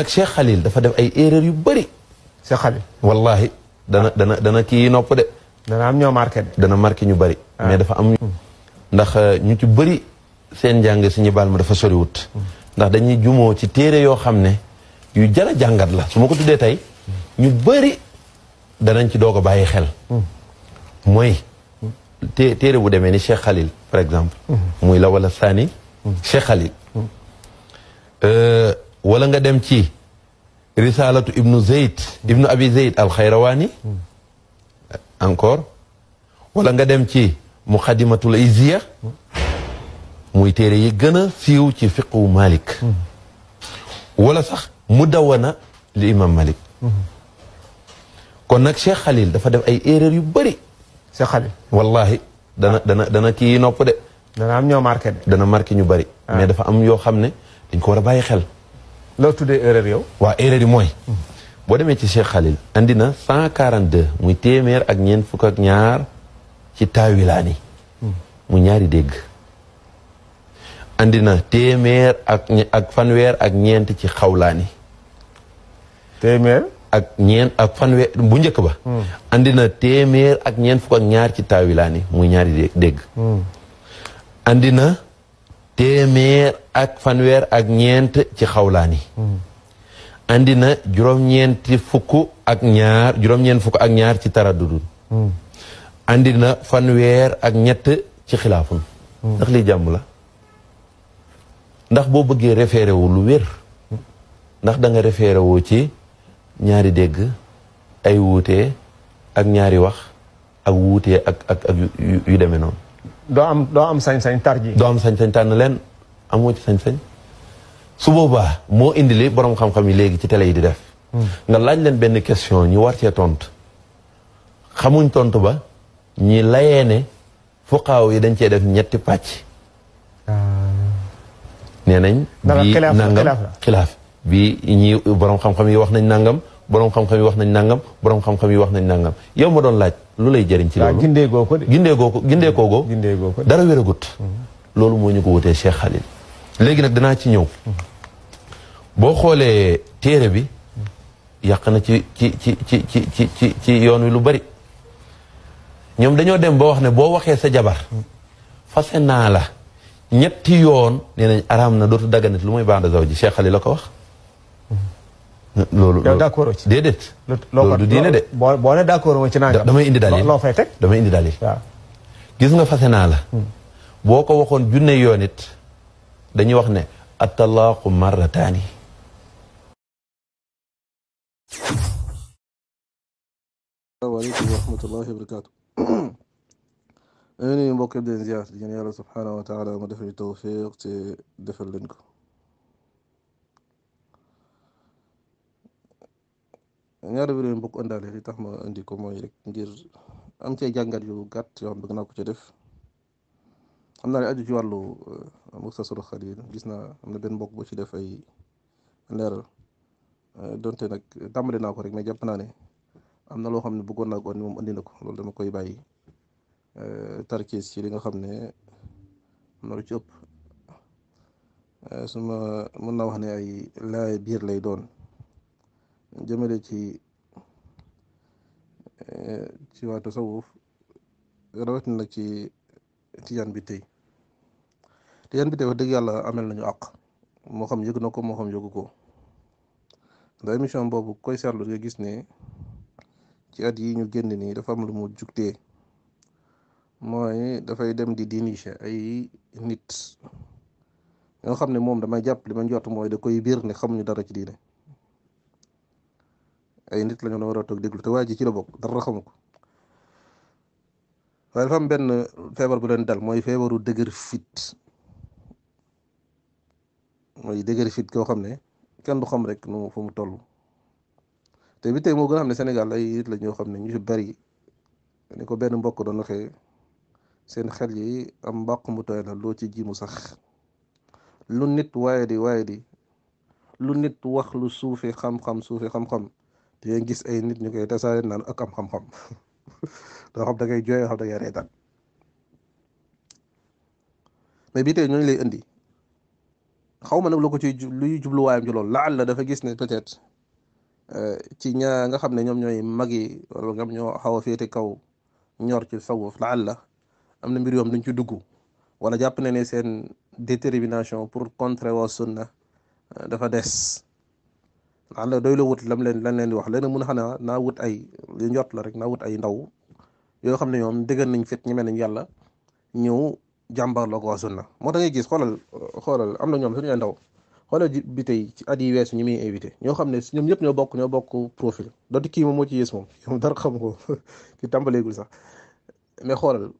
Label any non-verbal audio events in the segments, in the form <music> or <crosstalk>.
nag dafa def ay erreur yu bari Cheikh Khalil. wallahi dana dana dana kii nopp de. dana am ñoo marqué de. dana marqué ñu bari ah. mais dafa am. ndax euh, ñu ci bëri seen njàng si ñu baal ma dafa soriwut. ndax dañuy jumoo ci téere yoo xam ne yu jara jàngat la su ma ko tuddee tey ñu bëri danañ ci doog a bàyyi xel. mooy téere bu demee ni Cheikh Khalil par exemple. muy la wala Sani. Cheikh euh, wala nga dem ci. risalatu ibnu zeyd ibnu abi zeyd alxayrawaani encore wala nga dem ci muqaddimatul izziya muy téere yi gën a siiw ci fiqu malik wala sax mu mudawwana li imam malik kon nag Cheikh Khalil dafa def ay erreur yu bari Cheikh Khalil wallahi dana dana dana kii nopp de dana am ñoo marqué de dana marqué ñu bari ah. mais dafa am yoo xam ne dañ ko war a bàyyi xel loo tuddee erreur yow. waaw erreur yi mooy. Hmm. boo demee ci Cheikh Khalil. andi na cent muy téeméer ak ñeent fukk ak ñaar ci taawilaani hmm. mu ñaari dégg. andi na téeméer ak fanweer ak ñeent ci xawlaani. téeméer. ak ñeent njëkk ba. Hmm. téeméer ak ñeent fukk ak ñaar ci taawilaani muy ñaari dégg. andi téeméer ak fanweer ak ñeent ci xawlaani hmm. andi na juróom-ñeenti fukk ak ñaar juróom-ñeent fukk ak ñaar ci taraddudun hmm. andi na fanweer ak ñett ci xilaafun hmm. ndax lii jàmm la ndax boo bëggee référé lu wér ndax danga nga ci ñaari dégg ay wuute ak ñaari wax ak wuute ak ak yu demee noonu do am do am sañ-sañ tarji do am sañ-sañ tan len amo ci sañ-sañ su boba mo indi li borom xam-xam yi legi ci tele yi di def. Hmm. nga lañ len ben question ñu war ci tontu xamuñ tontu ba ñi layee ne yi dañ ci def ñetti patch nee nangam khilaf bi ñi borom xam-xam yi wax nañ nangam. borom xam-xam yi wax nañ nangam boroom xam-xam yi wax nañ nangam yow ma doon laaj lu lay jëriñ ci loolu gindee goo ko gindee goo ko gindee goo ko dara wéragut mm-hmm. loolu moo ñu ko wutee Cheikh Khalil léegi nag danaa ci ñëw mm-hmm. boo xoolee téere bi mm-hmm. yàq na ci ci ci ci ci ci ci ci yoon wi lu bari ñoom dañoo dem ba wax ne boo waxee sa jabar fase naa la ñetti yoon nee nañ araam na dootu daganit lu muy banda zaw ji Cheikh Khalil la ko wax loolu yow d' ci déedéet. loolu diine de. boo boo nee d' accord indi dalil loo indi dalil. gis nga fase naa hmm. boo ko waxoon junne yoon it dañuy wax ne attalaaqu marrataani. asalaamaaleykum wa rahmatullahi wa barakaatu. ñu ngi nuyu mbokk yi di leen ziar di ñaan te defal leen ko. ñaari mbir mbokk bokk li tax ma indi ko mooy rek ngir am cee jàngat yu gàtt yoo xam bëgg naa ko ci def xam naa ne aju ci wàllu uh, Muxtasarul Xaliil gis naa am na benn mbokk bu ci def ay leeral uh, donte nag tàmbali naa ko rek mais jàpp naa ne am na loo xam ne bëggoon naa ko moom indi na ko loolu dama koy bàyyi uh, tarkiis ci li nga xam ne am na ci ëpp su ma mën naa wax ne ay laay biir lay doon. jëmale ci eh, ci waa tasawuf rawatina nag ci tijaan bi tey yan bi tey wax dëgg yàlla amel nañu àq moo xam yëg na ko moo xam yëgu ko ndax émission boobu koy seetlu nga gis ne ci at yi ñu génn nii dafa am lu mu jugtee mooy dafay dem di dénicher ay nit ñoo xam ne moom damay jàpp li ma njort mooy da koy biir ne xamuñu dara ci diine ay nit lañu la war a toog déglu te waa ji ci la bokk dara xamu ko waaye dafa am benn feebar bu leen dal mooy feebaru dëgër fit mooy dëgër fit koo xam ne kenn du xam rek nu fu mu toll te bi tey moo gën a xam ne senegal ay nit la ñoo xam ne ñu ci bari ni ko benn mbokk doon waxee seen xel yi am mbàq mu tooy la loo ci ji mu sax lu nit waaye di waaye di lu nit wax lu suufi xam-xam suufi xam-xam di gis ay nit ñu koy tasaare naan ak am xam-xam doo <laughs> xam da ngay jooy xam da ngay reetaan mais bii tey ñooñu lay indi xaw ma nag lu ko ciy luy jubluwaayam ci loolu laal la dafa gis ne peut euh, ci ñaa nga xam ne ñoom ñooy mag yi wala nga ñoo xaw a féete kaw ñor ci sawuf laal la am na mbir yoom duñ ci dugg wala jàpp na ne seen détermination pour contrer wa na euh, dafa des àlla doy la wut lam leen lan leen di wax leen mun xanaa naa wut ay li njot la rek naa wut ay ndaw yoo xam ne ñoom dëggan nañ fit ñu mel nañ yàlla ñëw jàmbar la ko waa sunna moo tax ngay gis xoolal xoolal am na ñoom suñu ndaw xoolal bi tey ci at yi weesu ñu muy invité ñoo xam ne ñoom ñëpp ñoo bokk ñoo bokk profil dootu kii moom moo ci yées moom moom dara xam ko ki tàmbaleegul sax mais xoolal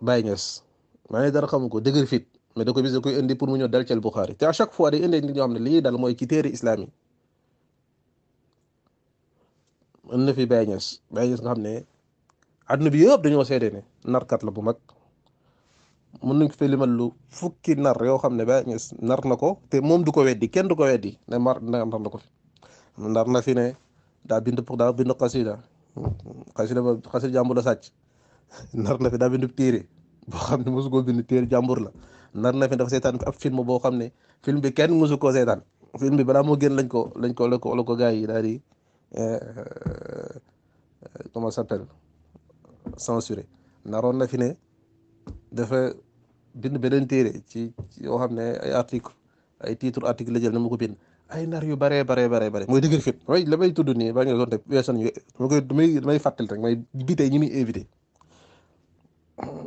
Baye Niass maa ne dara xam ko dëgër fit mais da ko bis da koy indi pour mu ñëw dal ci Bukhari te à chaque fois day indi nit ñoo xam ne li ñuy dal mooy ci téere islam yi mën na fi ba Niass ba Niass nga xam ne àdduna bi yëpp dañoo seede ne narkat la bu mag mën nañ ko fay lu fukki nar yoo xam ne Baye Niass nar na ko te moom du ko weddi kenn du ko weddi ne mar nar na ko fi nar na ne daa bind pour daa bind xasida xasida ba xasida jàmbur la <laughs> nar na fi daa bind téere boo xam ne mosu koo bind téere la nar na fi dafa seetaan fi ab film boo xam ne film bi kenn mosu koo seetaan film bi balaa moo génn lañ ko lañ ko la ko la yi daal Euh, euh, comment s'appelle censuré naroon na fi ne dafa bind beneen téere ci yoo xam ne ay article ay titre article la jël ne ma ko bind ay nar yu baree baree baree bare mooy dëgër fit mooy la may tudd nii ba nga doon ma koy damay damay fàttali rek may bite tey ñi muy éviter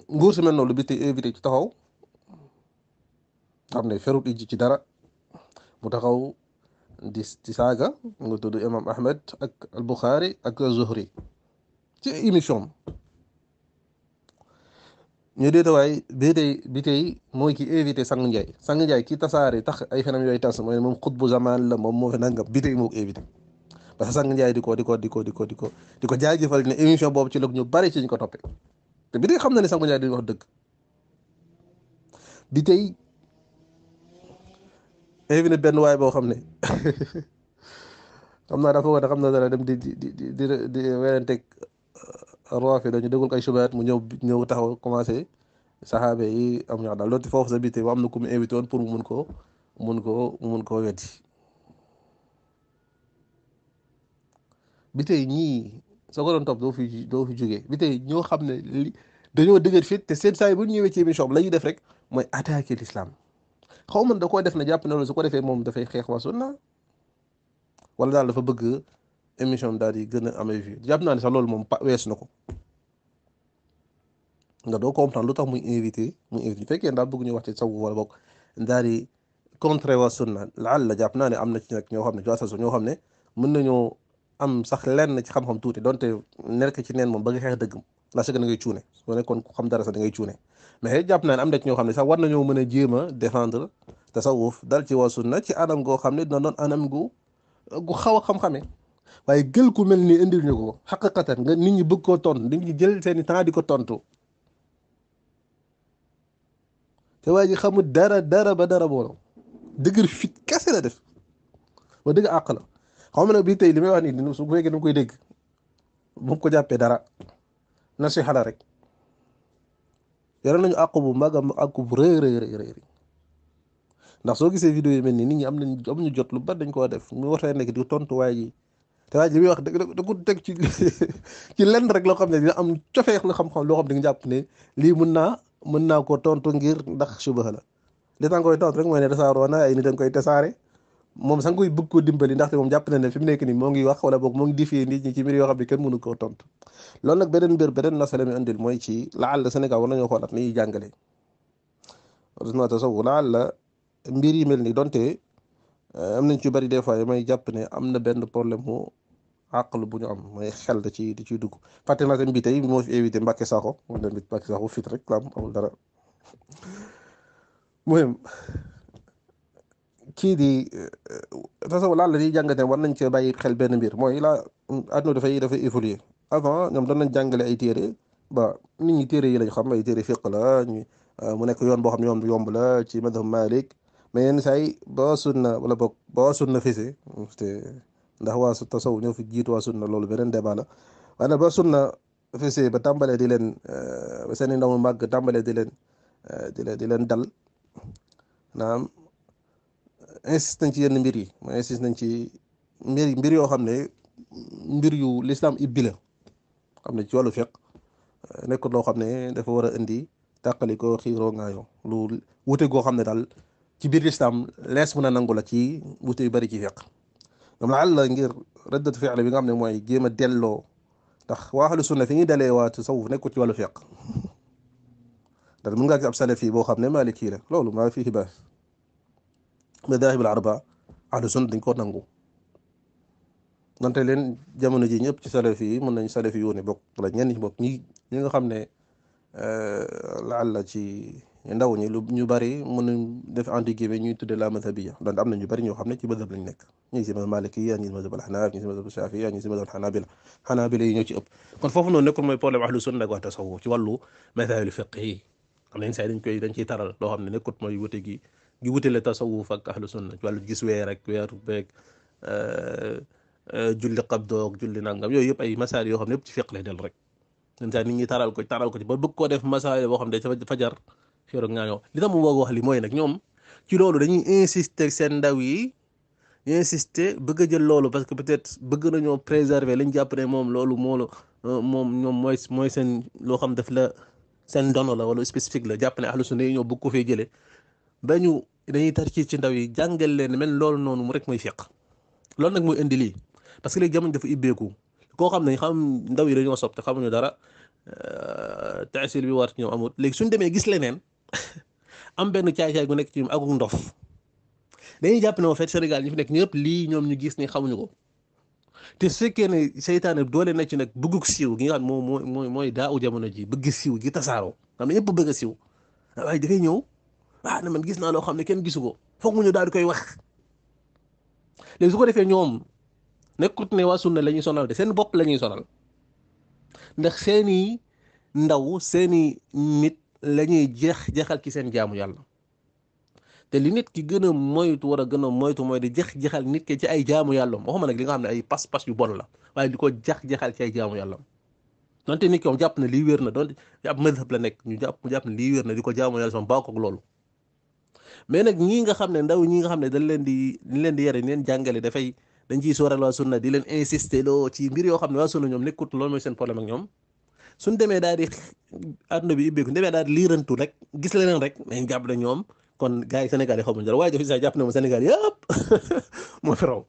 nguur si mel noonu lu bi tey éviter ci taxaw xam ne ferut iji ci dara mu taxaw di di saaga mu ngi tudd imam ahmed ak al buxaari ak zuhri ci émission ñu déeta waay bi tey bi tey mooy ki évité sang njaay sang njaay ki tasaare tax ay fenam yooyu tas mooy moom xutbu zaman la moom moo fi nangam bi tey moo ko évité parce que sang njaay di ko di ko di ko di ko di ko di ko jaajëfal ne boobu ci loog ñu bari ci ñu ko toppee te bi xam na ne sang njaay di wax dëgg bi tey benn waay boo xam ne <laughs> xam naa daa ko woote xam naa dana dem di di di di di weerenteeg uh, roofi dañu dégul ko ay subaat mu ñëw ñëw taxaw commencé saxaabe yi am ñax daal loolu foofu sa biir tey am na ku mu invité woon pour mu mun koo mun koo mun koo weddi bi tey ñii soo ko doon topp doo fi doo fi jógee bi tey ñoo xam ne li dañoo dëgër fit te seen saa yi bu ñu ñëwee ci émission bi la ñuy def rek mooy attaquer l'islam xaw man da koo def na jàpp na loolu su ko defee moom dafay xeex waa sunna wala daal dafa bëgg émission daal di gën a amee vue jàpp naa ne sax loolu moom pa weesu na ko nga doo comprendre lu tax muy invité muy invité fekkee daa bëgg ñu wax ci sawu wala boog daal di contraire wa sunna laal la jàpp naa ne am na ci nag ñoo xam ne joasasu ñoo xam ne mën nañoo am sax lenn ci xam-xam tuuti donte nekk ci neen moom ba nga xeex dëgg la sëgg da cuune soo nekkoon ku xam dara sax da ngay cuune mais jàpp naa ne am na ci ñoo xam ne sax war nañoo mën a jéem a défendre tasawuf dal ci waa sunna ci anam goo xam ne dina doon anam gu gu xaw a xam-xamee waaye gël ku mel ni indil ñu ko xaqiqatan nga nit ñi bëgg koo tontu nit ñi jël seeni temps di ko tontu te waa ji xamul dara dara ba dara boolo dëgër fit kese la def ba dëgg àq la xaw ma nag bii tey li may wax nii su fekkee da koy dégg bu ko jàppee dara nasiha la rek yore nañu àq bu mag àq bu rëy rëy ndax soo gisee vidéo yi mel nii nit am nañ am jot lu bari dañ ko def mu waxee nekk di tontu waay ji te wax da ko ci <laughs> ci lenn rek loo xam ne dina am cofeex lu xam-xam loo xam nga jàpp ne lii mën naa mën naa ko tontu ngir ndax subax la li tax koy tontu rek mooy ne tasaaroo na ay nit koy tasaare moom sax nga koy bëgg ko dimbali ndaxte moom jàpp na ne fi mu nekk nii moo ngi wax wala boog moo ngi difee nit ñi ci mbir yoo xam ne kenn mënu koo tontu loolu nag beneen mbir beneen nasala mi indil mooy ci laal Sénégal war nañoo xoolaat ni ñuy jàngale mbir yi mel nii donte eh, am nañ ci bari des fois yi may jàpp ne am na benn problème mu àqal bu ñu am mooy xel da ci di ciy dugg fàtte naa tamit bi tey moo fi évité Mbacke Sakho moom tamit Mbacke Sakho fit rek la am amul <laughs> di eh, tasawuf laal la ñuy jàngate war nañ cee bay xel benn mbir mooy la àdduna dafay dafay évoluer avant ñoom nañ jàngale ay téere ba nit ñi téere yi lañ xam ay téere fiq la eh, mu nekk yoon boo xam ne yomb la ci madhab Malik mais yenn saa yi ba waa na wala boog ba waa sunna fisi ndax waa su ñëw fi jiitu waa na loolu beneen débat la waaye nag na sunna ba tàmbalee di leen eh, seen i ndaw mu màgg tàmbalee di leen eh, di leen di leen dal naam insiste nañ ci yenn mbir yi ma insiste nañ ci mbir mbir yoo xam ne mbir yu l'islam ibbi la xam ne ci wàllu fiqh eh, nekk loo xam ne dafa war a indi tàqali ko xiiroo ngaayoo lu wute goo xam ne daal ci biir lislaam lees mën a nangu la ci wute yu bari ci fiq ñoom la àll ngir rëddatu fi'l bi nga xam ne mooy jéem a delloo ndax waa ahlu sunna fi ñuy dalee waa tasawuf nekkul ci wàllu fiq ndax mën nga gis ab salafi boo xam ne maliki la loolu maa fi xibaar madaahib al arba ahlu sunna dañ ko nangu nante leen jamono ji ñëpp ci salafi yi mën nañ salafi yu ne bokk la ñenn ci bokk ñi ñi nga xam ne la àll ci ndaw ñi ñu bari mën def entre guillemets ñuy tuddee la mazhabiya donc am na ñu bari ñoo xam ne ci mazhab lañ nekk ñi si mazhab maliki malikiya ñi si mazhab alxanaaf ñi si mazhab shafi shafiya ñi si mazhab xanabila hanabila yi ñoo ci ëpp kon foofu noonu nekkul mooy problème ahlu sunna wa tasawuf ci wàllu mazhabil fiqh yi am nañ say dañ koy dañ ciy taral loo xam ne nekkut mooy wute gi gi wute wutele tasawuf ak ahlu sunna ci wàllu gis weer ak weer beeg julli qabdoog julli nangam yooyu yëpp ay masaal yoo xam ne yëpp ci fiqh lay del rek dañ saa ñi taral ko taral ko ci ba bëgg koo def masaal boo xam ne dafa fajar Coro Ngaañoo li tax mu bëgg wax li mooy nag ñoom ci loolu dañuy insister seen ndaw yi insister bëgg jël loolu parce que peut-être bëgg nañoo préserver liñ jàpp moom loolu moo la euh, moom ñoom mooy mooy seen loo xam daf la seen dono la wala spécifique la jàpp ne ahlu sunna ñoo bëgg ko fee jëlee ba ñu dañuy tarkii ci ndaw yi jàngal leen mel loolu noonu mu rek mooy fiq loolu nag mooy indi lii parce que léegi jamono dafa ibbeeku koo xam ne xam ndaw yi dañoo sob te xamuñu dara euh, taasil bi war ñoom amut léegi suñ demee gis leneen am benn caay-caay gu nekk ci ak ndox dañuy jàpp na en fait Sénégal ñu fi nekk ñëpp lii ñoom ñu gis ni xamuñu ko te su fekkee ne seytaane doole na ci nag bëggug siiw gi nga xam mooy mooy mooy daaw jamono ji bëgg siiw gi tasaaroo xam ne a siiw waaye dafay ñëw ah na man gis naa loo xam ne kenn gisu ko foog mu ñu daal di koy wax léegi su ko defee ñoom nekkut ne waa sunna la ñuy sonal de seen bopp lañuy ñuy sonal ndax seeni ndaw seeni nit. la ñuy jeex jeexal ci seen jaamu yàlla te li nit ki gën a moytu war a gën a moytu mooy di jeex jeexal nit ki ci ay jaamu yàlla waxuma nag li nga xam ne ay pas-pas yu bon la waaye di ko jeex jeexal ci ay yàlla donte nit ki jàpp na lii wér na donte ab madhab la nekk ñu jàpp jàpp na na di ko jaamu yàlla sama baakoog loolu mais nag ñii nga xam ne ndaw ñi nga xam ne dañ leen di dañ leen di yare dañ leen jàngale dafay dañ ciy sóoral waa sunna di leen insister loo ci mbir yoo xam ne waa sunna ñoom nekkut loolu mooy seen problème ak ñoom suñ demee daal di àdduna bi ubbeeku demee daal di liirantu rek gis leneen rek nañ jàpp ne ñoom kon gaa yi senegal yi xamuñ dara waaye jafe-jafe jàpp na moom Sénégal <laughs> moo fi raw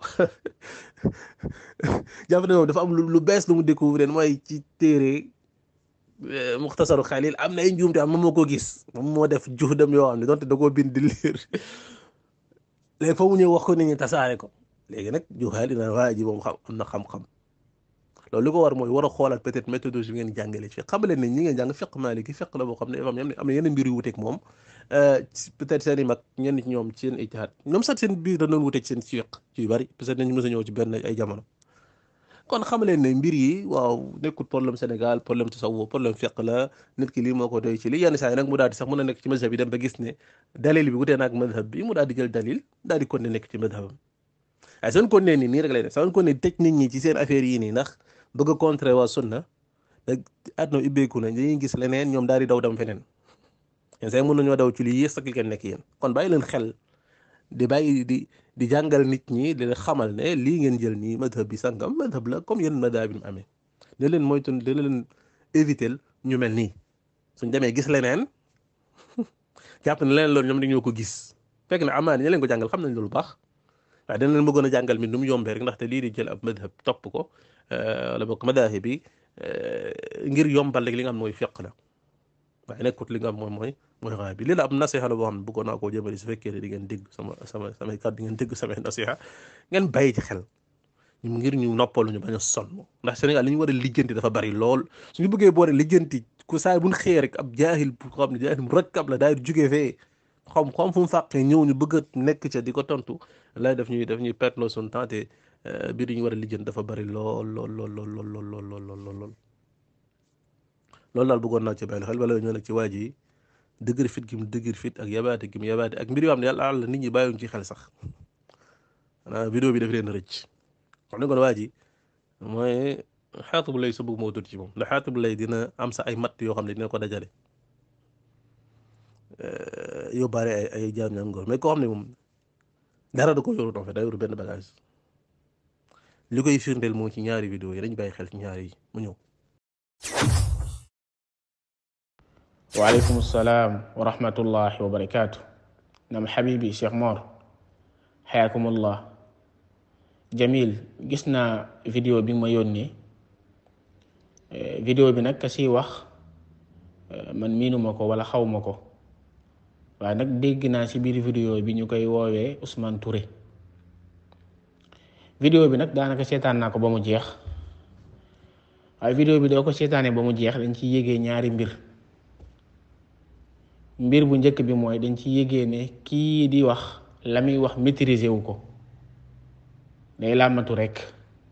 <laughs> dafa am lu bees lu mu découvrir mooy ci téere euh, Muxtasaru Xalil am na ay njuumte am moom moo ko gis moom moo def juhdam yoo xam ne dont da koo bind di liir <laughs> léegi foofu ñëw wax ko nit ñi tasaare ko léegi nag juhaal dina waa ji moom xam am na xam-xam loolu li ko war mooy war a xoolaat peut-être méthodologie bi ngeen jàngale ci xam leen ne ñi ngeen jàng fiq maliki fiq la boo xam ne imam am am na yeneen mbir moom euh, peut-être mag ñoom seen ijtihaad ñoom sax seen biir da doon wuteeg seen ci fiq ci yu bëri peut ne mbir yi ki lii moo ko doy ci lii yenn saa yi mu daal sax mën a nekk ci mazhab bi dem ba gis ne dalil bi wutee naag mazhab mu daal di dalil daal di continuer nekk ci mazhabam waaye seen continuer nii nii rek lay def seen continuer tëj nit ñi ci seen affaire yi nii bëgg a contré waa sunna da àdduna ubbeeku na dañuy gis leneen ñoom daal di daw dem feneen yenn mun na ñoo daw ci lii yées ak ngeen nekk yéen kon bàyyi leen xel di bàyyi di di jàngal nit ñi di leen xamal ne lii ngeen jël nii madhab bi sangam madhab la comme yéen madhab bi mu amee da leen moytu da leen éviter ñu mel nii suñ demee gis leneen <laughs> jàpp ne leneen loolu ñoom dañoo ko gis fekk na amaan ña leen ko jàngal xam nañ loolu baax بعدين لما قلنا جانجل من يوم بهرك نحت ليري جل أب مذهب تبقو ولا بق مذاهبي نجر يوم بلق لينا موي فقلا بعدين كت لينا موي موي موي غابي ليلا أب ناسي هلا بوان بقونا كو جبر يسفك يري جن دق سما سما سما يكاد جن دق سما ناسي ها جن بعيد خل نجر نيو نابول نيو بانيو سلمو نحت سنين قال نيو ور ليجند دفع باري لول نيو بقى يبور ليجند كوسا يبون خيرك أب جاهل بقابل جاهل مركب لا داير جوجي فيه xom xom fu mu fàqee ñëw ñu bëgg a nekk ca di ko tontu lay def ñuy def ñuy perteloo suñu temps te biir yi ñu war a lijjën dafa bari lool lool lool lool lool lool lool lool lool lool loolu daal bëggoon naa ci bàyyi xel bala ñoo nag ci waa ji dëgër fit gi mu dëgër fit ak yabaate gi mu yabaate ak mbir yoo xam ne yàlla àll nit ñi bàyyiwuñ ci xel sax maanaam vidéo bi daf leen rëcc wax ne kon waa ji mooy xaatu bu lay sa bëgg moo tudd ci moom ndax xaatu bu lay dina am sa ay matt yoo xam ne dina ko dajale yóbbaale ay ay jaam ñaam góor mais koo xam ne moom dara da ko yoru en fait daa yoru benn bagage li koy firndeel moo ci ñaari vidéo yi dañ bàyyi xel ci ñaari yi mu ñëw. waaleykum salaam wa rahmatullahi wa barakaatu. nam xabibi Cheikh Mor. xayaakumullah. Jamil gis naa vidéo bi ma yónnee. vidéo bi nag ka siy wax man miinuma ko wala xawma ko. waaye nag dégg naa ci biir vidéo bi ñu koy woowee Ousmane toure vidéo bi nag daanaka seetaan naa ko ba mu jeex waaye vidéo bi doo ko seetaanee ba mu jeex dañ ci yégee ñaari mbir mbir bu njëkk bi mooy dañ ci yégee ne kii di wax la muy wax maîtriser wu ko day làmmatu rek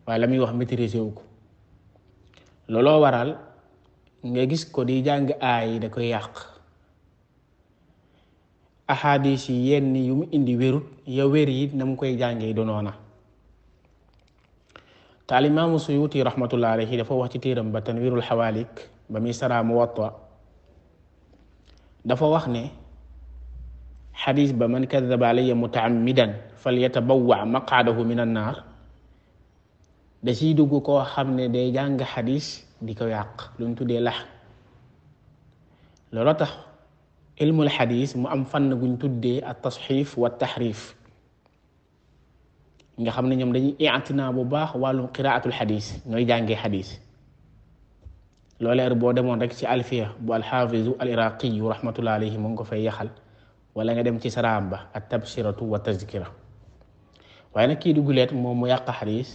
waaye la muy wax maîtriser wu ko looloo waral nga gis ko di jàng aay da koy yàq ahadis yi yenn yu mu indi wérut ya wér yi na mu koy jàngee du noona te alimaamu rahmatullah alayhi dafa wax ci téeram ba tanwirul xawaalik ba muy saraa muwatta dafa wax ne xadis ba man kadaba alayya mutaammidan falyatabawa maqaadahu min annaar da siy dugg koo xam ne day jàng xadis di ko yàq lu ñu tuddee lax tax علم الحديث مو ام فن guñ tuddee التصحيف والتحريف nga xamne ñom dañuy i'tina bu baax walu qiraatul hadith noy jange hadith xadis looleer bo demone rek ci alfiya bu al hafiz al iraqi rahmatullahi alayhi mo ngi ko fay yaxal wala nga dem ci saramba at tabshiratu wa tazkira waaye nak ki dugulet moom mu yàq hadith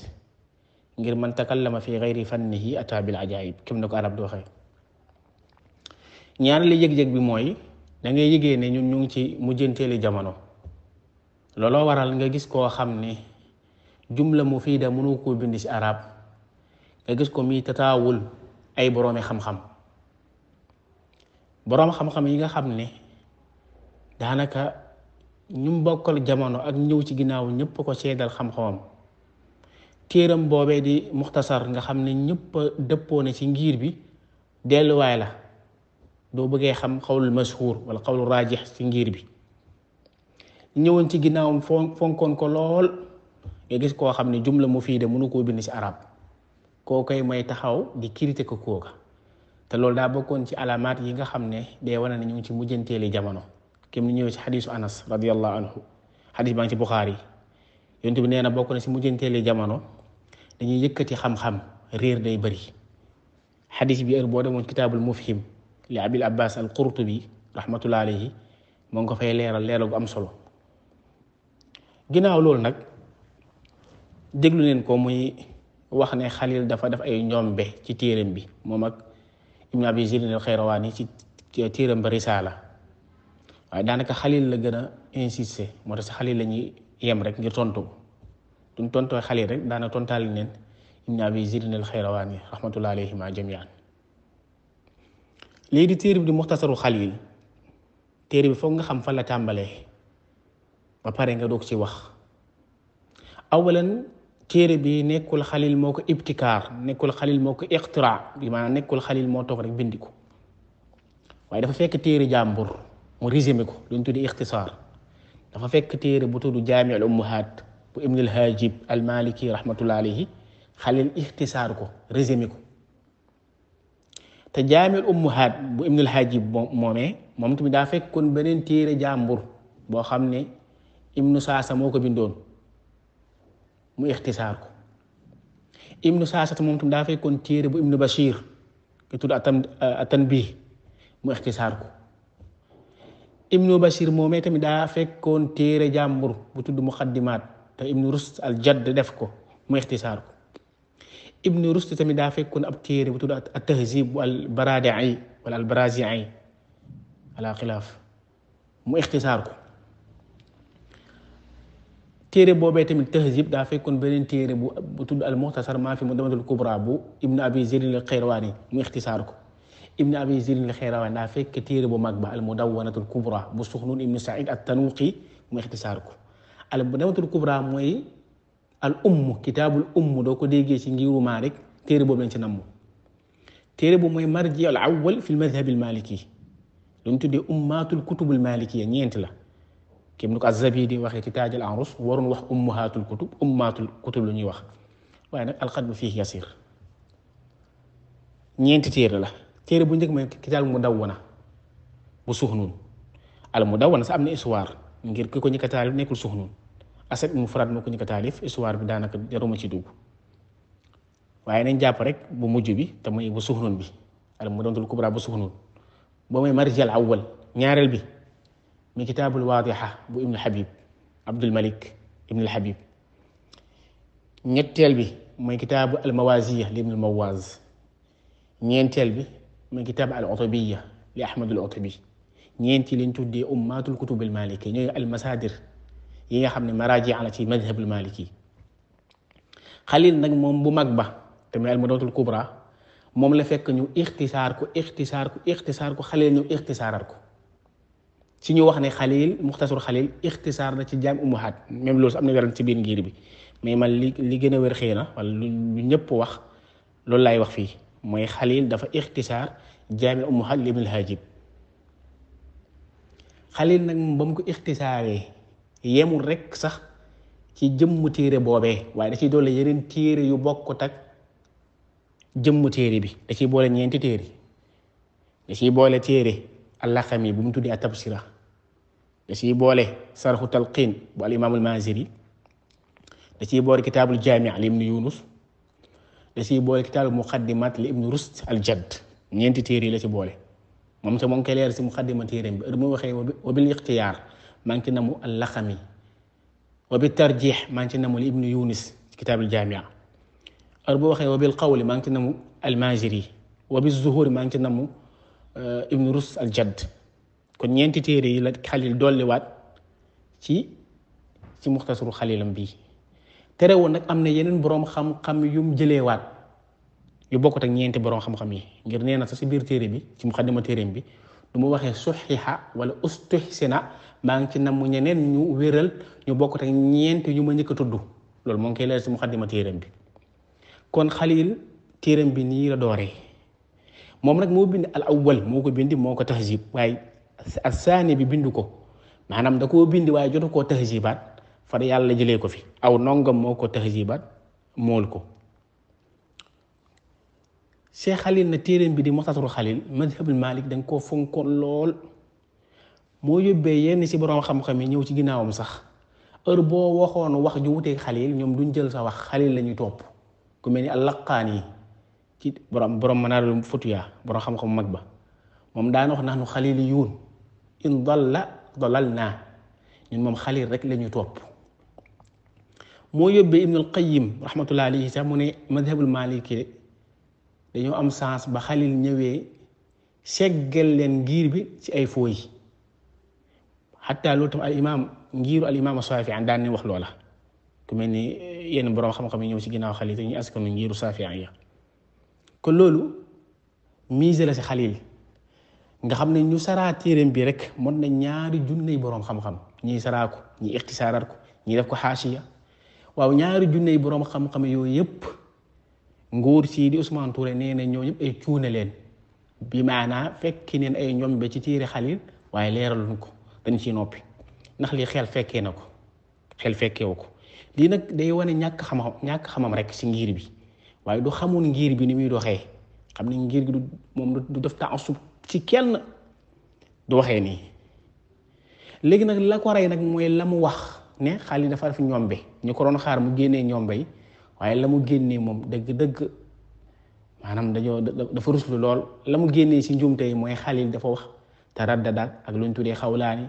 ngir man takallama fi ghairi fannihi ata bil ajaib kim nako arab do xey ñaan li yëg-yëg bi moy dangay ngay ñu ñu ngi ci mujjanteeli jamono looloo waral nga gis koo xam ne jumla mufiida mënu koo bind ci arab nga gis ko muy tataawul ay boroomi xam-xam boroom xam-xam yi nga xam ne daanaka ñu bokkal jamono ak ñëw ci ginnaaw ñëpp ko seedal xam-xamam téeram boobee di muxtasar nga xam ne ñëpp dëppoo na ci ngiir bi delluwaay la doo bëggee xam xawlul mashhur wala xawlu raajix ci ngiir bi ñëwoon ci ginnaawam fon fonkoon ko lool nga gis koo xam ne jumla mu fii de mënu koo bind ci arab koo koy may taxaw di kirite ko kooka te loolu daa bokkoon ci alaamaat yi nga xam ne day wane ne ñu ngi ci mujjanteeli jamono kem ni ñëwee ci xadisu anas radiallahu anhu xadis baa ngi ci buxaari yonent bi nee na bokk na ci mujjanteeli jamono dañuy yëkkati xam-xam réer day bëri xadis bi heure boo demoon kitaabul mufhim li abil abbas al qurtubi rahmatullah alayhi moo ngi ko fay leeral leeral gu am solo ginnaaw loolu nag déglu leen ko muy wax ne xalil dafa def ay njombe ci téeram bi moom ak ibnu abi zirin al xayrawaani ci téeram ba risaala waaye daanaka xalil la gën a insisté moo tax si xalil yem rek ngir tontu duñ tontoo xalil rek daana tontaali neen ibnu abi zirin al xayrawaani rahmatullah alayhima jamian léegi di téere bi di muxtasarul xalil téere bi foog nga xam fan la tàmbalee ba pare nga doog ci wax awalan téere bi nekkul xalil moo ko ibtikaar nekkul xalil moo ko iqtira bi maanaam nekkul xalil moo toog rek bindi ko waaye dafa fekk téere jàmbur mu résumé ko lu ñu tuddi ixtisaar dafa fekk téere bu tudd jaami al ummahaat bu ibnul haajib al maliki rahmatullah alayhi xalil ixtisaar ko résumé ko te jaamil ummuhaat bu ibnul hajib moomee moom tamit daa fekkoon kon beneen téere jàmbur boo xam ne ibnu saasa moo ko bindoon mu ixtisaar ko ibnu saasa te téere bu ibnu bashir ki tudd atam atanbih mu ixtisaar ko ibnu bashir tamit daa fekkoon téere jàmbur bu tudd muqaddimaat te ibnu rus al def ko mu ixtisaar ko ibnu rushd tamit daa fekkoon ab téere bu tudd at tahzib bu al baradii wala al barazii ala xilaaf mu ixtisaar ko téere boobee tamit tahzib daa fekkoon beneen téere bu bu tudd al muxtasar maa fi muqaddamatul kubra bu ibnu abi zerin al xeyrawaani mu ixtisaar ko ibnu abi zerin al xeyrawaani daa fekk téere bu mag ba al mudawanatul kubra bu suxnun ibnu said at tanuqi mu ixtisaar ko al mudawanatul kubra mooy al umm kitabul umm doo ko déggee ci ngiru Maalik téere boobu lañ ci namm téere bu mooy marji al awwal fi madhabi al maliki lu ñu tuddee ummaatul kutubul malikiya ñeent la kéem nu ko azabidi waxee ci taajal arus waroon wax ummahaatul kutub ummaatul kutub lu ñuy wax waaye nag alxadbu fii yasir ñeenti téere la téere bu njëkk mooy kitaabul mudawwana bu suxnun al mudawwana sa am na histoire ngir ki ko ñi ko taalif nekkul suxnun asad ibnu furaat moo ko ñu ko taalif histoire bi daanaka jaruma ci dugg waaye nañ jàpp rek bu mujj bi te mooy bu suxnun bi al mudawwanatul kubra bu suxnun boo mooy marjal awwal ñaareel bi mi kitaabul waadixa bu ibnu Habib Abdul Malik ibnu Habib ñetteel bi mooy kitab al mawaziya li ibnu Mawaz ñeenteel bi mooy kitab al otobiya li Ahmadul Otobi ñeenti lañ tuddee ummaatul kutubil maliki ñooy al masaadir yi nga xam ne maraaji la ci madhabul maliki xalil nag moom bu mag ba te muy almadootul kubra moom la fekk ñu ixtisaar ko ixtisaar ko ixtisaar ko xalil ñu ixtisaaral ko si ñu wax ne xalil muxtasar xalil ixtisaar na ci jaam umuhaat même loolu am na werante ci biir ngir bi mais man li li gën a wér xëy na wala lu ñëpp wax loolu laay wax fii mooy xalil dafa ixtisaar jaami umuhaat li ibnul haajib xalil nag moom ba mu ko ixtisaaree yemul rek sax ci jëmm téré bobé waaye da ci dole yeneen téré yu bokkut ak jëmm téré bi da ci bolé ñent téré da ci bolé téere allaxami bu mu tuddi a tabsira da ci bolé sarhu talqin bu al imam al maziri da ciy boole kitaabul jami' al-ibn yunus da ciy boole kitaabul muqaddimat li ibn rust al jadd ñent téré la ci bolé mom sa moom koy leer si muqaddima téereem bi er bu waxe wa bil ikhtiyar مانكي نمو اللخمي وبالترجيح مانكي نمو لابن يونس كتاب الجامعة أربو وخي وبالقول مانكي نمو الماجري وبالظهور مانكي نمو آه، ابن رس الجد كون ينتي تيري خليل دولي وات تي تي مختصر خليل بي تري ونك امنا ينن بروم خم خم يوم جلي وات يبوكو تك نينتي بروم خم خمي غير نينا سا سي بير تيري بي تي مقدمه تيري بي lu mu waxee suxixa wala na maa ngi ci namm ñeneen ñu wéral ñu bokk ak ñeenti ñu ma njëkk a tudd loolu moo ngi koy mu si muqaddima téeram bi kon xalil téeram bi nii la moom nag moo bind al awwal moo ko bindi moo ko tahzib waaye al saani bi bindu ko maanaam da koo bindi waaye jotu koo tahzibaat far yàlla jëlee ko fi aw nongam moo ko tahzibaat mool ko Cheikh Khalil na téeréem bi di Muxtasarul Khalil madhabul Malik dañ koo fonkoon lool moo yóbbee yenn ci borom xam-xam yi ñëw ci ginnaawam sax heure boo waxoon wax ju wuteeg Khalil ñoom duñ jël sa wax Khalil la ñuy topp ku mel ni al-Laqaan yi ci borom borom Manaarul Futiya borom xam-xam mag ba daan wax nahnu Khaliliyuun in dalla dalalnaa ñun moom Khalil rek la ñuy topp. moo yóbbee Ibnul Qayyim rahmatullahi alayhi sax mu ne madhabul Maliki dañoo am sens ba xalil ñëwee seggal leen ngir bi ci ay fooy xataa loolu tam al imaam ngiru al imaam Saafi'i daan nañ wax loola ku mel ni eh, yenn borom xam yi ñëw ci ginnaaw xalil te ñu ngiru Saafi'i ya kon loolu mise la ci nga xam ne ñu saraa bi rek mën na ñaari junney borom xam-xam ñii saraa ko ko ñii def ko xaasiya waaw ñaari junney borom xam-xam yooyu yëpp. nguur sii di Ousmane Touré nee na ñoo ay cuune leen bi maanaa fekki neen ay ñoom ba ci tiiri xalil waaye leeraluñ ko dañ ci noppi ndax li xel fekkee na ko xel fekkewu ko lii nag day wane ñàkk xamam ñàkk xamam rek si ngir bi waaye du xamoon ngiir bi ni muy doxee xam ne ngir gi du moom du def taasub ci kenn du waxee nii léegi nag la ko rey nag mooy la mu wax ne xalil dafa def ñombe ñu ko doon xaar mu génnee ñombe yi waaye la mu génnee moom dëgg-dëgg maanaam dañoo dafa ruslu lool la mu génnee si njuumte yi mooy xalil dafa wax te raddada ak luñ tuddee xawlaani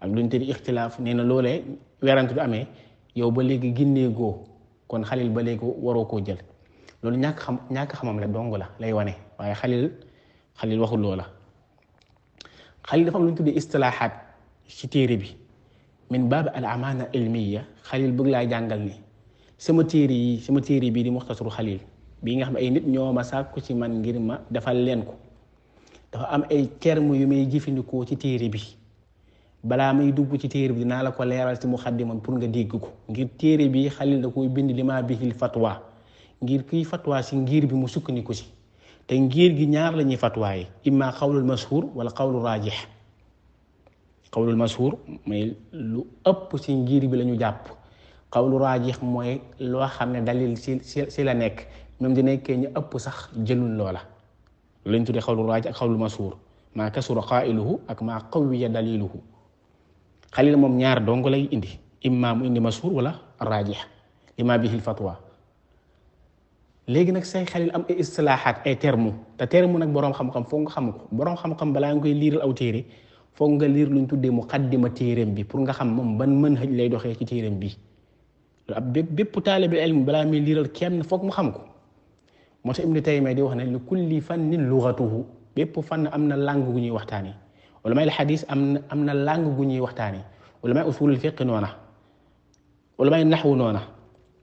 ak luñ tuddee ixtilaaf nee na loolee werante du amee yow ba léegi génnee goo kon xalil ba léegi waroo koo jël loolu ñàkk xam ñàkk xamam la dong la lay wane waaye xalil xalil waxul loola xalil dafa am luñ tuddee istilaaxaat ci téere bi min baab al amaana ilmiya xalil bëgg laa jàngal ni sama téere yi sama téere bii di muxtasaru xalil bii nga xam ay nit ñoo ma sàkku ci man ngir ma defal leen ko dafa am ay terme yu may jëfandikoo ci téere bi balaa may dugg ci téere bi dinaa la ko leeral mu ci man pour nga dégg ko ngir téere bi xalil da koy bind lima bihil fatwa ngir kiy fatwa si ngiir bi mu sukkandiku si te ngiir gi ñaar lañuy ñuy fatwa yi imma xawlul mashhur wala xawlul raajih xawlul mashhur mooy lu ëpp si ngir bi lañu jàpp xawlu raajix mooy loo xam ne dalil si si la nekk même di nekkee ñu ëpp sax jëlul loola lañ tuddee xawlu raaj ak xawlu masuur maa kasura qaa'iluhu ak maa qawiya daliluhu xalil moom ñaar dong lay indi imma mu indi masuur wala raajix lima bihi lfatwa léegi nag say xalil am ay istilaaxaat ay terme te terme nag boroom xam-xam foog nga xam ko boroom xam-xam balaa nga koy liiral aw téere foog nga liir luñ tuddee muqaddima téeréem bi pour nga xam moom ban mën hëj lay doxee ci téeréem bi ab bépp bépp taalibe ilmu balaa muy liiral kenn foog mu xam ko moo tax ibnu taymiya di wax ne li kulli fannin lugatuhu bépp fann am na langue gu ñuy waxtaani ulama al xadis am na am na langue gu ñuy waxtaani ulama usulul fiq noona ulama naxwu noona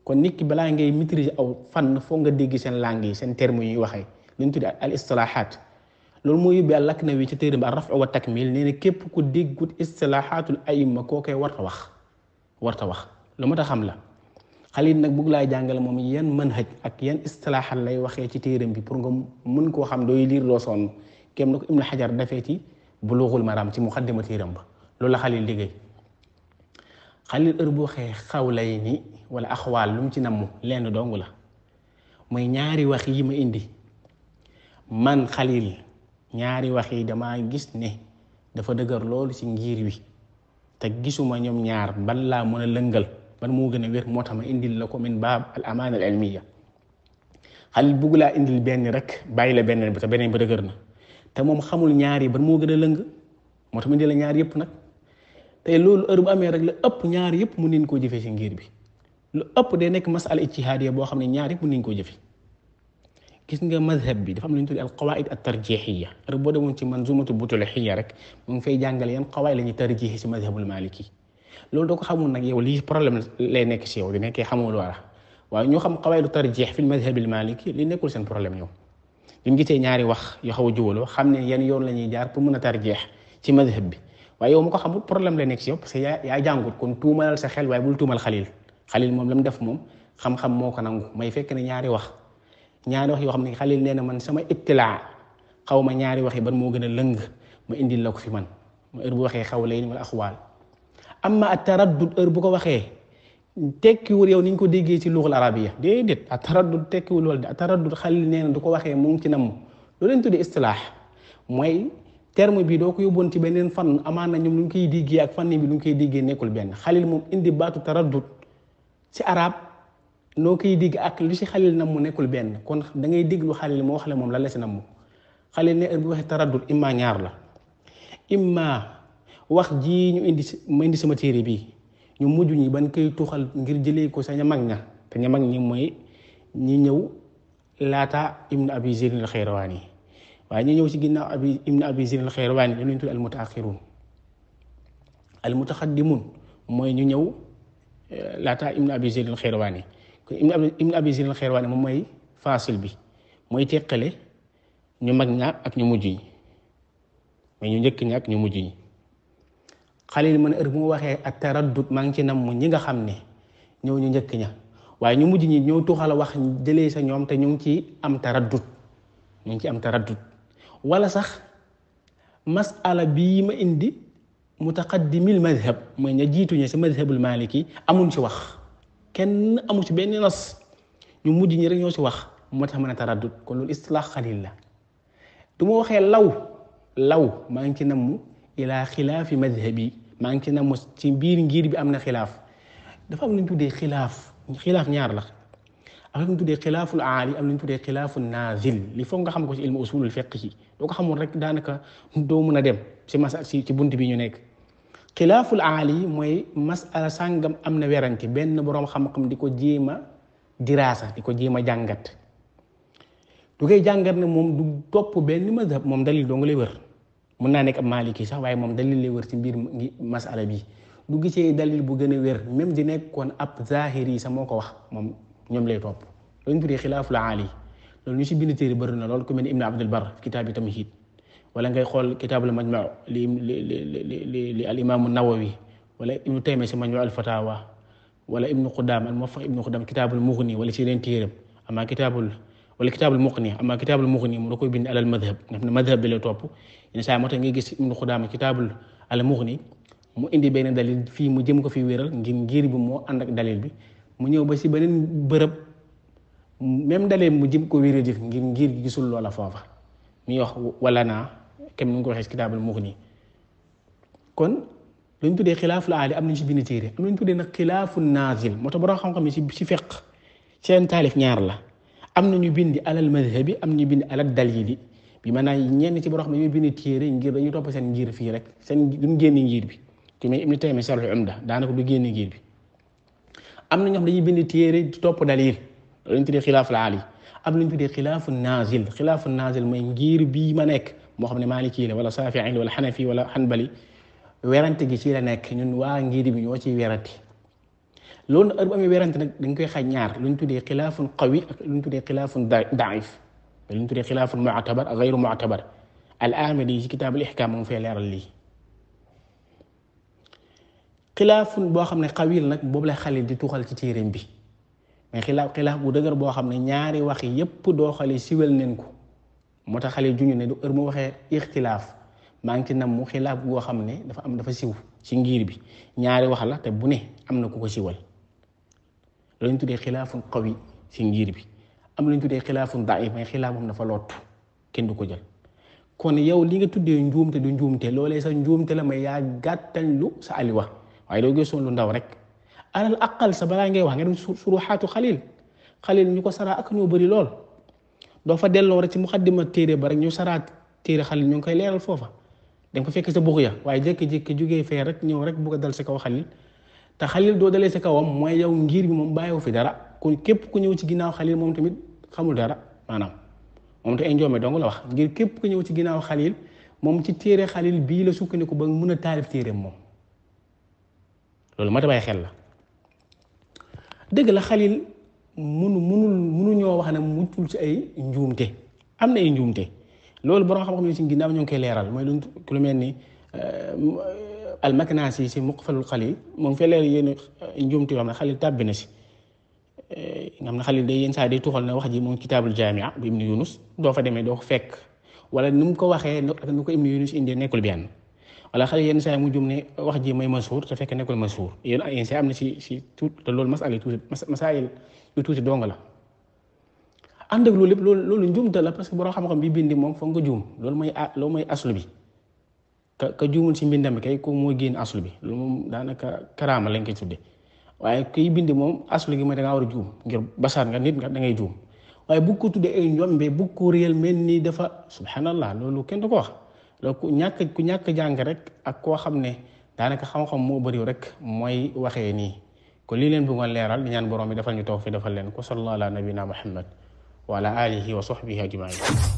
kon nit ki balaa ngay maîtriser aw fann foog nga dégg seen langue yi seen terme yuy waxee li ñu tuddee al istilahaat loolu moo yóbbee àllak na wi ci téere bi ar rafu wa takmil nee na képp ku déggut istilahaatul ayima koo koy warta wax warta wax lu ma ta xam la xalit nag bugg laay jàngale moom yan manhaj ak yan istilaaxal lay waxee ci téeram bi pour nga mën koo xam dooy liir loo sonn kenn na ko Ibnu Xajar dafee ci Buluuxul Maraam ci muqaddima téeram ba loolu la xalil liggéey xalil heure bu waxee xawlay ni wala axwaal lu ci namm lenn dong la mooy ñaari wax yi ma indi man xalil ñaari wax yi damaa gis ne dafa dëgër loolu ci ngiir wi te gisuma ñoom ñaar ban laa mën a lëngal ban moo gën a wér moo tax ma indil la ko min baab al amaan al ilmiya xal bugg laa indil benn rek bàyyi la beneen bi te beneen bi dëgër na te moom xamul ñaar yi ban moo gën a lëng moo tax ma indil la ñaar yëpp nag tey loolu heure bu amee rek la ëpp ñaar yëpp mun nañ koo jëfee si ngir bi lu ëpp day nekk masala ijtihaadiya boo xam ne ñaar yëpp mun nañ koo jëfe gis nga mazhab bi dafa am lu ñu tuddee al qawaid at tarjihiya heure boo demoon ci manzumatu butul xiya rek mu ngi fay jàngale yan qawaid la ñuy tarjih si mazhabul maliki loolu doo ko xamul nag yow lii problème lay nekk si yow di nekkee xamul wala waaye ñu xam xawaayidu tarjih fi madhab al maliki li nekkul seen problème ñoom bi mu gisee ñaari wax yu xaw a juwaloo xam ne yan yoon la ñuy jaar pour mën a tarjih ci madhab bi waaye yow mu ko xamul problème lay nekk si yow parce que yaa yaa jàngut kon tuumalal sa xel waaye bul tuumal xalil xalil moom lam def moom xam-xam moo ko nangu may fekk ne ñaari wax ñaari wax yoo xam ne xalil nee na man sama ittila xaw ma ñaari wax yi ban moo gën a lëng ma indil la ko fi man ma heure bu waxee xaw lay wala axwaal amma at taraddud heure bu ko waxee tekkiwul yow ni ñu ko déggee ci luxul arabiya déedéet at taraddud tekkiwul loolu de at taraddud xalil nee na du ko waxee mu ngi ci namm loolu leen tuddee istilaax mooy terme bi doo ko yóbboon ci beneen fan amaan na ñu koy déggee ak fan bi lu koy déggee nekkul benn xalil moom indi baatu taraddud ci arab noo koy dégg ak lu ci xalil namm nekkul benn kon da ngay déglu xalil moo wax la la si namm xalil ne heure bu waxee taraddud imma ñaar la imma wax ji ñu indi ma indi sama téere bi ñu mujj ñi ban koy tuxal ngir jëlee ko sa ña mag ña te ña mag ñi mooy ñi ñëw laata ibnu abi zirin al xayrawaan yi waaye ñëw ci ginnaaw abi ibnu abi zirin al xayrawaan yi lañu tudd ñu ñëw eh, laata ibnu abi zirin al xayrawaan yi kon ibnu abi zirin al moom mooy faasil bi mooy teqale ñu mag ña ak ñu mujj ñi mais ñu njëkk ña ak ñu mujj ñi xalil mën heure bu mu waxee ak taraddut maa ngi ci nam mu ñi nga xam ne ñëw ñu njëkk ña waaye ñu mujj ñi ñëw tuuxal a wax jëlee sa ñoom te ñu ngi ci am taraddut ñu ngi ci am taraddut wala sax masala bii ma indi mutaqaddimil madhab mooy ña jiituñu si madhabul maliki amuñ ci wax kenn amu ci benn nas ñu mujj ñi rek ñoo ci wax moo tax mën a taraddut kon loolu istilaax xalil la du waxee law law maa ngi ci nam mu ila xilaafi madhabi maa ngi ci na mos ci biir ngir bi am na xilaaf dafa am lu ñu tuddee xilaaf xilaaf ñaar la am lu ñu tuddee xilaaful aali li foog nga xam ko ci ilmu usulul fekk yi doo ko xamul rek daanaka doo mun a dem si masa ci bunt bi ñu nekk kilaaful aali mooy masala sàngam am na werante benn boroom xam-xam di ko jéem diraasa di ko jéem a jàngat du jàngat ne moom du topp benn mazhab moom dalil doo nga lay wër mun naa nekk ab maaliki sax waaye moom dalil lay wër ci mbir masala bi du gisee dalil bu gën a wér même di nekkoon ab zahiri yi sax moo ko wax moom ñoom lay topp loolu ñu tuddee xilaaful aali loolu ñu si bind téere bëri na lool ku mel ni Ibn Abdul Bar kitaab yi tamhid wala ngay xool kitaabul majmaa li li li al imaamu Nawawi wala Ibnu Taymiya si majmaa al fatawa wala Ibnu Qudaam al muwaffaq Ibnu Qudaam kitaabul mughni wala si leen téeram amaa kitaabul wala kitaabul muqni ama kitaabul muqni mu da koy bind alal madhab nga xam ne madhab bi lay topp yenn saa moo tax gis ibnu xudaama kitaabul al muqni mu indi benn dalil fii mu jëm ko fi wéral ngir ngir bi moo ànd ak dalil bi mu ñëw ba si beneen bërëb même dalil mu jëm ko wéral jëf ngir ngir gisul loola foofa mi wax wala naa kenn mu ko waxee si muqni kon lu ñu tuddee la aali am nañ si benn téere am nañ tuddee nag xilaafu naazil moo tax borom xam-xam yi si si feq seen ñaar la amna ñu bindi alal madhabi am ñu bindi alak dalili bi mana ñen ci borom ñu bindi téré ngir dañu top sen ngir fi rek sen duñu genn ngir bi ku may Ibnu taymi Sarhul Umda danaka du genn ngir bi amna ñu xam dañuy bindi téré di topp dalil lañ khilaf xilaaful ali am lañ an nazil khilaf an nazil may ngir bi ma nek mo xamné maliki la wala safi'i wala hanafi wala hanbali werante gi ci la nek ñun wa ngir bi ñoo ci werante لون أربعة مية بيرن تنا دنكوي خنيار لون تودي خلاف قوي لون تودي خلاف ضعيف لون تودي خلاف معتبر غير معتبر الآن دي كتاب الإحكام من فعل رلي خلاف بوا خم نقوي لنا خلي دي تدخل كتيرين بي من خلاف خلاف ودعر بوا خم نياري وخي يبو دخل سيفل نينكو متى خلي جوني ندو أربعة مية اختلاف ما عندنا مخلاف بوا خم ندفع دفع سيف سنجير بي نياري وخلا تبني أم نكو كسيول loolu ñu tuddee xilaafun qawi si ngir bi am lañ tuddee xilaafun daif may xilaaf moom dafa lott kenn du ko jël kon yow li nga tuddee njuumte du njuumte loolee sa njuumte la may yaa gàttañ lu sa aliwa waaye doo gëstoon lu ndaw rek alal aqal sa balaa ngay wax nga dem suruxaatu xalil xalil ñu ko saraa ak ñoo bari lool doo fa delloo rek ci mu muqaddima téere ba rek ñu saraat téere xalil ñu ngi koy leeral foofa danga ko fekk sa buux ya waaye jékki-jékki jógee fee rek ñëw rek bu a dal si kaw xalil te xalil doo dalee si kawam mooy yow ngir bi moom bàyyiwu fi dara ko képp ku ñëw ci ginnaaw xalil moom tamit xamul dara maanaam moom te ay njoome wax ngir képp ku ñëw ci ginnaaw xalil moom ci téere xalil bii la sukkandiku ba mun a taalif téere moom loolu mat xel la dëgg la xalil munu munul wax ne muccul ci ay njuumte am na ay njuumte loolu borom xam-xam yi ci ginnaaw ñoo ngi koy leeral mooy lu ku lu mel ni euh, المكنة سي سي مقفل الخلي مون في لير يين نجومتي وامنا خلي تاب نسي إيه، نعم نخلي دي ينسا دي توخل نا واخ جي مون كتاب الجامعة بابن يونس دو فا ديمي دو فيك ولا نم كو واخي نوكو ابن يونس اندي نيكول بيان ولا خلي ينسا مو جومني واخ جي مي مسور تا فيك نيكول مسور يين ينسا امنا سي سي تو لول مسألة تو مسائل يو توتي دونغلا عندك لول لول نجومتا لا باسكو بروخ خام خام بي بيندي موم فا نجوم لول موي لول موي اصل بي ka ka juumul ci mbindam kay ko mooy génn aslu bi lu moom daanaka karaama lañ koy tudde waaye bind moom aslu gi mooy da ngaa war a juum ngir basaar nga nit nga da ngay juum waaye bu ko tuddee ay be bu ko réel mel ni dafa subhanallah loolu kenn du ko wax loolu ku ñàkk ku ñàkk jàng rek ak koo xam ne daanaka xam-xam moo bëriw rek mooy waxee nii ko lii leen bëggoon leeral di ñaan borom bi defal ñu fi defal leen ko sallallahu la nabina muhammad wa ala alihi wa sahbihi ajmain